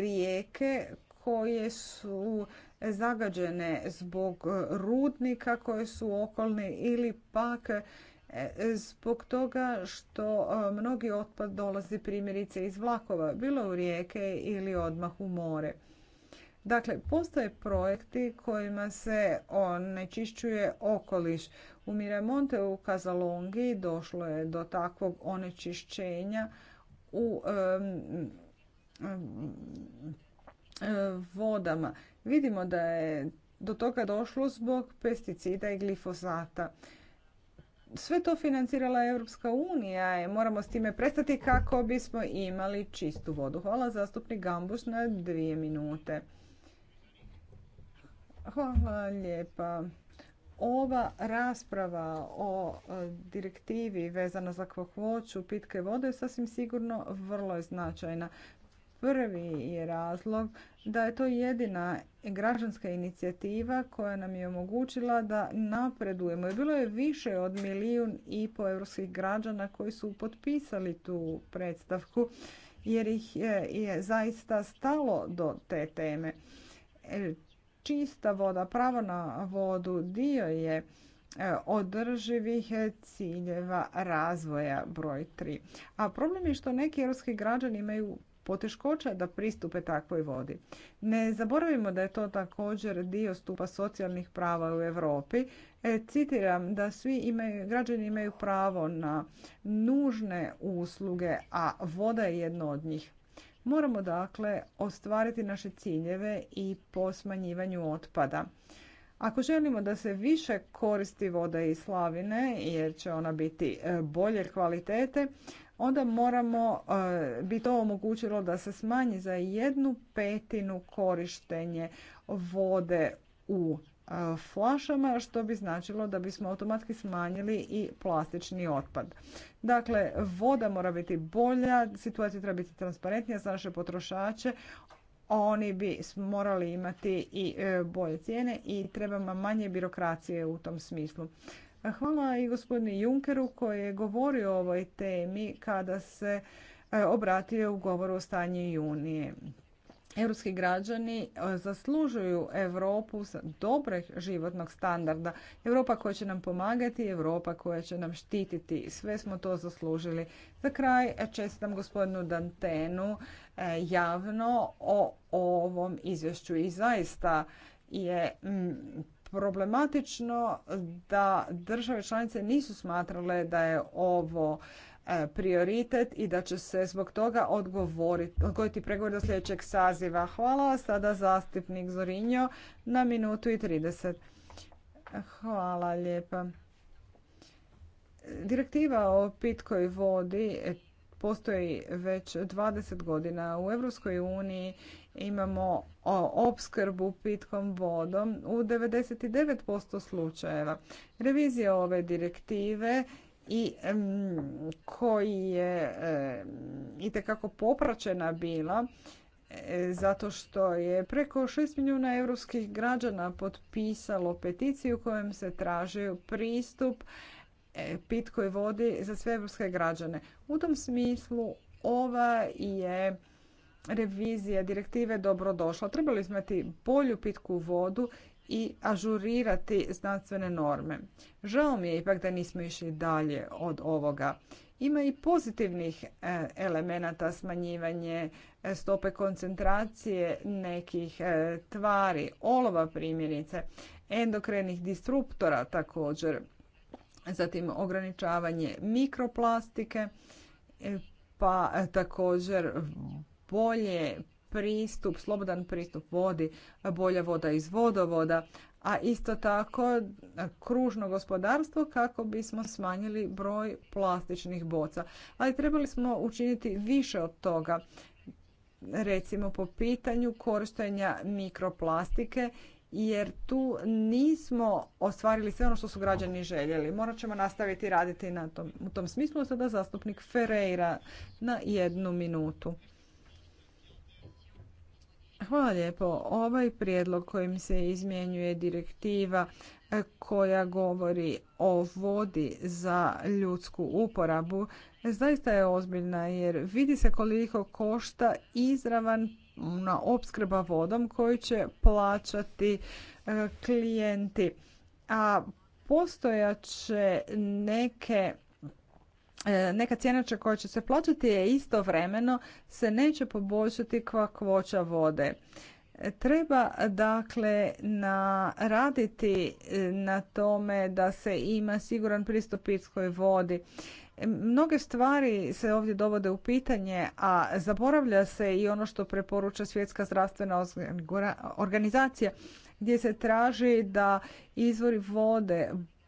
rijeke koje su zagađene zbog e, rudnika koje su okolne ili pak e, zbog toga što mnogi otpad dolazi primjerice iz vlakova, bilo u rijeke ili odmah u more. Dakle, postoje projekti kojima se onečišćuje okoliš. U Miremonte u Kazalongi došlo je do takvog onečišćenja u vodama. Vidimo da je do toga došlo zbog pesticida i glifosata. Sve to financirala Europska unija i moramo s time prestati kako bismo imali čistu vodu. Hvala zastupnik Gambus na dvije minute. Hvala lijepa ova rasprava o e, direktivi vezana za kakvoću pitke vode je sasvim sigurno vrlo je značajna. Prvi je razlog da je to jedina građanska inicijativa koja nam je omogućila da napredujemo. I bilo je više od milijun i po europskih građana koji su potpisali tu predstavku jer ih je, je zaista stalo do te teme e, čista voda, pravo na vodu dio je e, održivih ciljeva razvoja broj 3. A problem je što neki europski građani imaju poteškoća da pristupe takvoj vodi. Ne zaboravimo da je to također dio stupa socijalnih prava u Europi. E, citiram da svi imaju, građani imaju pravo na nužne usluge, a voda je jedna od njih. Moramo dakle ostvariti naše ciljeve i po smanjivanju otpada. Ako želimo da se više koristi voda iz slavine, jer će ona biti e, bolje kvalitete, onda moramo, e, bi to omogućilo da se smanji za jednu petinu korištenje vode u e, flašama, što bi značilo da bismo automatski smanjili i plastični otpad. Dakle, voda mora biti bolja, situacija treba biti transparentnija za naše potrošače, oni bi morali imati i e, bolje cijene i trebamo manje birokracije u tom smislu. Hvala i gospodinu Junkeru koji je govorio o ovoj temi kada se e, obratio u govoru o stanju Junije. Europski građani e, zaslužuju Europu dobrih životnog standarda. Europa koja će nam pomagati, Europa koja će nam štititi. Sve smo to zaslužili. Za kraj e, čestitam gospodinu Dantenu e, javno o ovom izvješću i zaista je problematično da države članice nisu smatrale da je ovo E, prioritet i da će se zbog toga odgovoriti pregovor do sljedećeg saziva. Hvala. Sada zastupnik Zorinjo na minutu i 30. Hvala lijepa. Direktiva o pitkoj vodi postoji već 20 godina. U EU uniji imamo opskrbu pitkom vodom u 99% slučajeva. Revizija ove direktive i koji je itekako popraćena bila e, zato što je preko 6 milijuna europskih građana potpisalo peticiju kojom se tražio pristup e, pitkoj vodi za sve europske građane. U tom smislu ova je revizija direktive došla. Trebali smo imati bolju pitku vodu i ažurirati znanstvene norme. Žao mi je ipak da nismo išli dalje od ovoga. Ima i pozitivnih e, elemenata smanjivanje e, stope koncentracije nekih e, tvari, olova primjerice, endokrenih disruptora također, zatim ograničavanje mikroplastike, pa također bolje pristup, slobodan pristup vodi, bolja voda iz vodovoda, a isto tako kružno gospodarstvo kako bismo smanjili broj plastičnih boca. Ali trebali smo učiniti više od toga. Recimo po pitanju korištenja mikroplastike jer tu nismo ostvarili sve ono što su građani željeli. Morat ćemo nastaviti raditi na tom. U tom smislu sada zastupnik Ferreira na jednu minutu. Hvala lijepo. Ovaj prijedlog kojim se izmjenjuje direktiva e, koja govori o vodi za ljudsku uporabu zaista je ozbiljna jer vidi se koliko košta izravan na opskrba vodom koju će plaćati e, klijenti. A postojat će neke E, neka cijena će koja će se plaćati je istovremeno se neće poboljšati kakvoća vode. E, treba dakle na, raditi e, na tome da se ima siguran pristup pitskoj vodi. Mnoge stvari se ovdje dovode u pitanje, a zaboravlja se i ono što preporuča Svjetska zdravstvena organizacija gdje se traži da izvori vode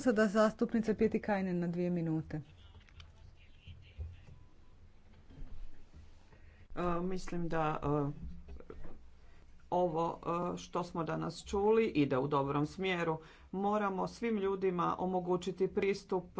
se da zastupnica Pjeti Kajne na dvije minute. E, mislim da e, ovo e, što smo danas čuli ide u dobrom smjeru. Moramo svim ljudima omogućiti pristup